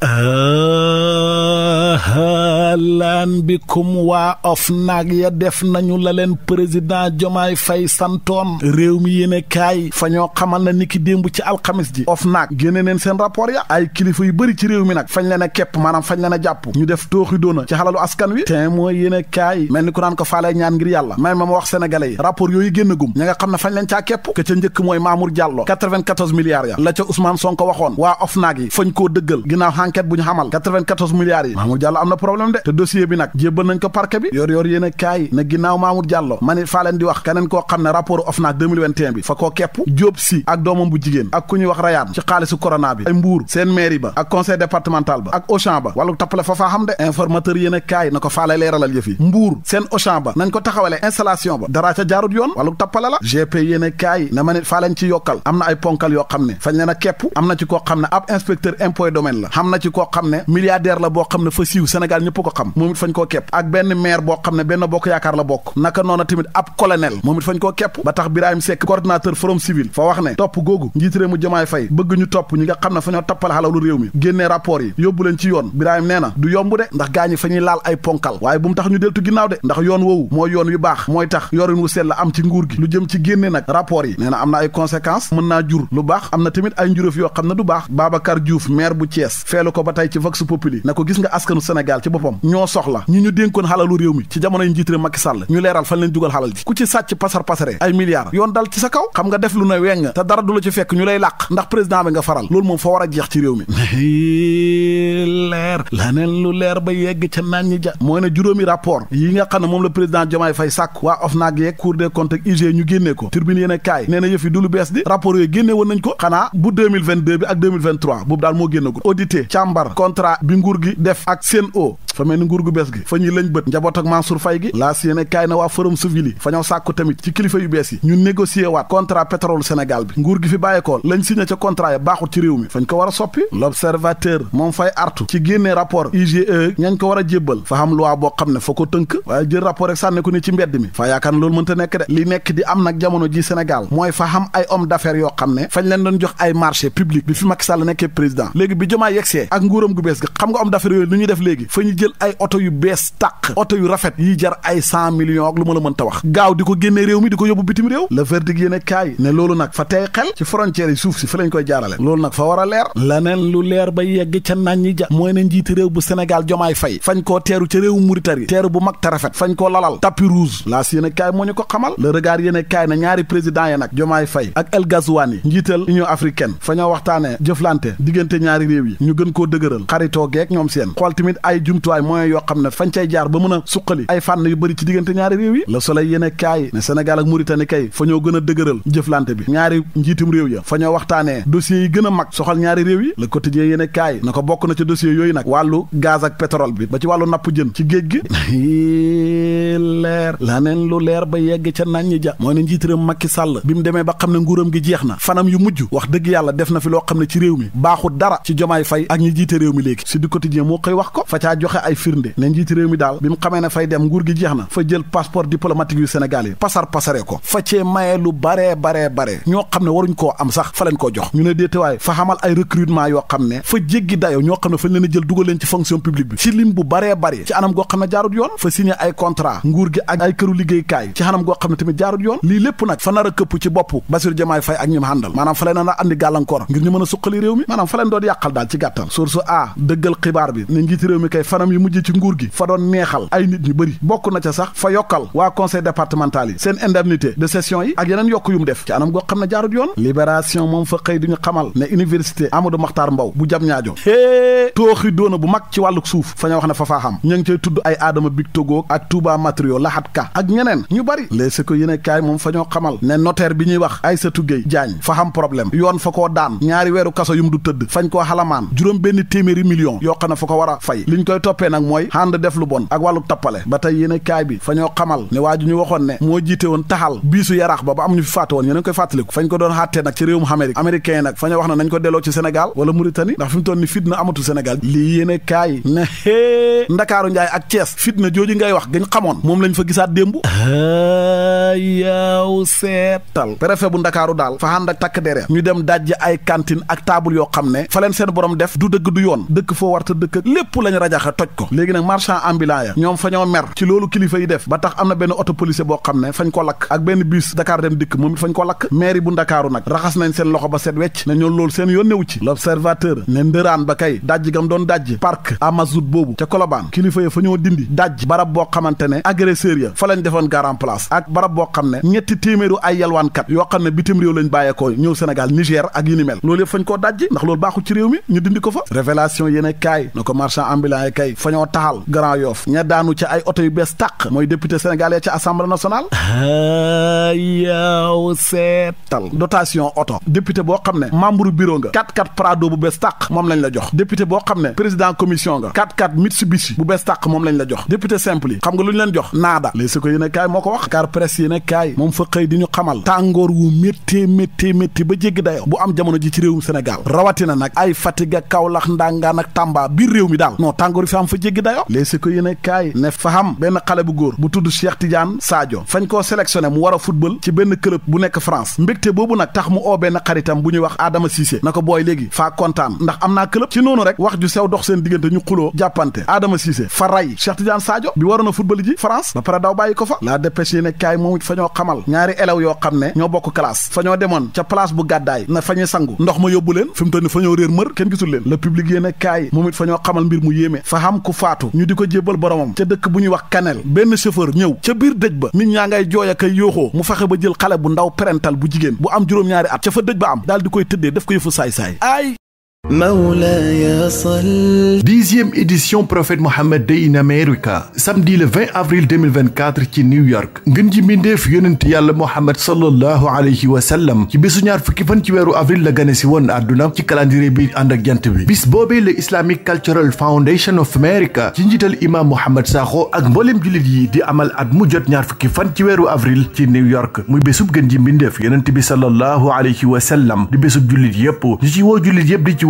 lan bikum waa OFNAC ya def nañu la leen président Jomaay Fay santoon réew mi yéene kaay fa ñoo xamal na niki démb ci alxamis ji OFNAC génne neen seen rapport ya ay kilifa yu bëri ci réew mi nag fañ leen a képp maanaam fañ leen a jàpp ñu def tooxi doona ci xalalu askan wi te mooy yéene kaay mel ni ku naan ko faalee ñaan ngir yàlla may ma ma wax sénégalais yi rapport yooyu génn gum ña nga xam ne fañ leen caa képp ke ca njëkk mooy Mamour Diallo 94 milliards ya la ca Ousmane Sonko enquête mbuur seen mairie ba ak conseil départemental ba ak Auchan ba wàllu tappale fa faa xam de informateur yéen na ko faale leeralal yëf mbuur seen Auchan ba nañ ko taxawale installation ba dara ca jaarut yoon wàllu tappale la GP yéen na ma nit ci yokkal am na ay ponkal yoo xam ne fañ leen a kepp am na ci koo xam ne ab inspecteur impôt domaine la ci koo xam ne milliardaire la boo xam ne fa siiw Sénégal ñëpp ko xam moom it fañ koo kepp ak benn maire boo xam ne benn bokk yaakaar la bokk naka noona tamit ab colonel moom it fañ koo kepp ba tax Birahim sekk coordinateur forum civil fa wax ne topp googu njiit réew mu jamaay fay bëgg ñu topp ñu nga xam ne fa ñoo tappale xalalu réew mi génne rapport yi yóbbu leen ci yoon Birahim nee na du yomb de ndax gaañi fa ñuy laal ay ponkal waaye bu mu tax ñu deltu ginnaaw de ndax yoon woowu mooy yoon wi baax mooy tax yorin wu sell am ci nguur gi lu jëm ci génne nag rapport yi nee am ay conséquences mën naa jur lu baax am na tamit ay njuróof yoo xam ne du baax Babacar Diouf maire bu Thiès leerlu ko ba tey ci vox populi na ko gis nga askanu Sénégal ci boppam ñoo soxla ñu ñu dénkoon xalalu réew mi ci jamono yi njiit réew Macky ñu leeral fan leen dugal xalal ji ku ci sàcc pasar pasare ay milliards yoon dal ci sa kaw xam nga def lu ne weng te dara du ci fekk ñu lay làq ndax président bi nga faral loolu moom fa war a jeex ci réew mi leer laneen lu leer ba yegg ca naan ñi ja mooy ne juróomi rapport yi nga xam ne moom la président Diomaye càmbar contrat bi nguur gi def ak o dafa mel ni nguur gu bees gi fa ñuy lañ bët njaboot ak Mansour Faye gi laas yéene kaay waa forum civil yi fa ñoo sàkku tamit ci kilifa yu bees yi ñu négocier waat contrat pétrole Sénégal bi nguur gi fi bàyyeekoon lañ signé ca contrat ya baaxul ci réew mi fañ ko war a soppi l'observateur moom fay artu ci génnee rapport IGE ñañ ko war a jébbal fa xam loi boo xam ne fa ko tënk waaye jël rapport rek sànne ko ni ci mbedd mi fa yaakaar loolu mënta nekk li nekk di am nag jamono ji Sénégal mooy fa xam ay homme d'affaires yoo xam ne fañ leen doon jox ay marché public bi fi Macky Sall nekkee président léegi bi Diomaye yegsee ak nguuram gu bees gi xam nga homme d'affaires yooyu lu def léegi fa jël oto yu bees tàq oto yu rafet yiy jar ay cent millions lu ma la mënta wax gaaw di ko génne réew mi di ko yóbbu bitim réew le verdict yéen a kaay ne loolu nag fa tey xel ci frontières si fi lañ koy jaarale loolu nag fa war a leer laneen lu leer ba yegg ca nañ ñi ja mooy ne njiiti réew bu Sénégal jomaay fay fañ koo teeru ca réewu Mauritanie teeru bu mag rafet fañ koo lalal tapis rouge laas yéen a kaay moo ñu ko xamal le regard yéen kaay na ñaari président ya nag jomaay fay ak El Ghazouani njiital Union africaine fa ñoo waxtaane jëflante diggante ñaari réew yi ñu gën koo dëgëral xaritoo geek ñoom seen xool tamit ay jumtuwaay ay moyens yoo xam ne fañ cay jaar ba mën a suqali ay fànn yu bëri ci diggante ñaari réew yi Le Soleil yéene ne Sénégal ak Mauritanie kay fa ñoo gën a dëgëral jëflante bi ñaari njiitum réew ya fa ñoo waxtaanee dossiers yi gën a mag soxal ñaari réew yi la Quotidien yéene kaay na ko bokk na ci dossiers yooyu nag wàllu gaz ak pétrole bi ba ci wàllu napp jën ci géej gi leer la neen lu leer ba yegg ca nañ ja moo ne njiitaram Macky Sall bi mu demee ba xam ne nguuram gi jeex na fanam yu mujj wax dëgg yàlla def na fi loo xam ne ci réew mi baaxul dara ci jomaay fay ak ñi jiite réew ay firnde ne njiiti mi daal bi mu xamee ne fay dem nguur gi jeex na fa jël passeport diplomatique yu Sénégal yi pasar pasare ko fa cee mayee lu baree baree bare ñoo xam ne waruñ koo am sax fa leen koo jox ñu ne déetewaay fa xamal ay recrutement yoo xam ne fa jéggi dayo ñoo xam ne fañ leen a jël dugal ci fonction publique bi ci bu baree bare ci anam goo xam ne jaarut yoon fa signé ay contrat nguur gi ay këru liggéeykaay ci anam goo xam ne tamit yu mujj ci nguur gi fa doon neexal ay nit ñu bëri bokk na ca sax fa yokkal waa conseil départemental yi seen indemnité de session yi ak yeneen yokk yu mu def ci anam goo xam ne jaarut yoon libération moom fa xëy di ñu xamal ne université Amadou Mahtar Mbow bu jam ñaajo hée tooxi doona bu mag ci wàllu suuf fa ña wax ne fa faa xam ña ngi cay tudd ay aadama big togoog ak Touba matériaux laxat ka ak ñeneen ñu bëri les si ko yéene kaay moom fa ñoo xamal ne notaire bi ñuy wax Aïssatou Gueye Diagne fa xam problème yoon fa daan ñaari weeru kaso yu mu tëdd fañ koo xalamaan juróom benn téeméeri million yoo xam jàppee nag mooy ànd def lu bon ak wàllu tappale ba tey yéen kaay bi fa ñoo xamal ne waa ñu waxoon ne moo jiite woon taxal biisu yaraax ba ba am a ngi koy fàttaliku fañ ko doon ko delloo ci Sénégal wala Mauritanie ndax fi mu toll ni fitna amatu Sénégal lii yéen kaay ne hee Ndakaaru ngay wax gañ xamoon moom lañ fa gisaat démb yaaw seetal préfet bu Ndakaaru daal fa ànd ak takk dere ñu dem dajji ay cantine ak taabul yoo xam ne fa leen seen borom def du dëgg du yoon dëkk foo warta dëkk lépp lañ rajaxa toj toj ko léegi nag marchand ambulant ya ñoom fa ñoo mer ci loolu kilifa yi def ba tax am na benn oto policier boo xam ne fañ ko lakk ak benn bus Dakar dem dikk moom it fañ ko lakk mairie bu Ndakaaru nag raxas nañ seen loxo ba seet wecc ne ñoom loolu seen yónnewu ci l'observateur ne ndëraan ba kay dajj gam doon dajj parc Amazout boobu ca Colobane kilifa ya fa ñoo dindi dajj barab boo xamante ne agresseur ya fa lañ defoon garan place ak barab boo xam ne ñetti téeméeru ay yalwaankat yoo xam ne bitim réew lañ bàyyeekoo ñëw Sénégal Niger ak yi ni mel loolu yëpp fañ koo dajj ndax loolu ñu dindi ko fa révélation yéene kaay na ko marchand ambulant yi fa ñoo taxal Grand Yoff ña daanu ca ay oto yu bees tàq mooy député sénégalais ca assemblée nationale yaw seetal dotation oto député boo xam ne membre bureau nga 4-4 Prado bu bees tàq moom lañ la jox député boo xam ne président commission nga 4-4 Mitsubishi bu bees tàq moom lañ la jox député simple xam nga lu ñu leen jox naada léegi su ko yéene kaay moo ko wax car moom fa xëy di ñu xamal tàngoor wu métti métti métti ba jéggi dayo bu am jamono ji ci réewum Sénégal rawatina nag ay Fatick ak Kaolack Ndangaan ak Tamba réew mi daal non tàngoor fa jéggi dayo léegi ko yéene kaay ne faham benn xale bu góor bu tudd Cheikh Tidiane Sadio fañ koo sélectionné mu war a football ci benn club bu nekk France mbégte boobu nag tax mu oo benn xaritam bu ñuy wax Adama Cissé na ko booy léegi faa kontaan ndax am naa club ci noonu rek wax ju sew dox seen diggante ñu xuloo jàppante Adama Cissé fa ray Cheikh Tidiane Sadio bi waroon a football ji France ba pare daw bàyyi ko fa la dépêche yéene kaay moom it fa ñoo yoo xam ne ñoo bokk classe fa ñoo demoon ca place bu gàddaay na fa ñuy ndox ma yóbbu leen fi mu toll ni fa ñoo réer leen le public yéene kaay moom it fa ñoo mbir mu yéeme faham ku faatu ñu di ko jébbal boromam ca dëkk bu ñuy wax kanel benn chauffeur ñëw ca biir dëj ba nit ñaa ngay jooy ak ay mu faxe ba jël xale bu ndaw perental bu jigéen bu am juróom-ñaari at ca fa dëj ba am daal di koy tëddee def ko yëfu saay-saay ay dixième édition prophète Mohammed Day in America samedi le 20 avril 2024 ci New York ngën ji mbindeef yonent yàlla Mohammed sallallahu alayhi wa sallam ci bésu ñaar fukki fan ci weeru avril la gane si woon àdduna ci calendrier bi ànd ak jant bi bis boobee le Islamic Cultural Foundation of America ci njiital imam Mohammed saako ak mbooleem jullit yi di amal at mu jot ñaar fukki fan ci weeru avril ci New York muy bésub gën ji mbindeef yonent bi sallallahu alayhi wa sallam di bésub jullit yépp ci woo jullit yépp di ci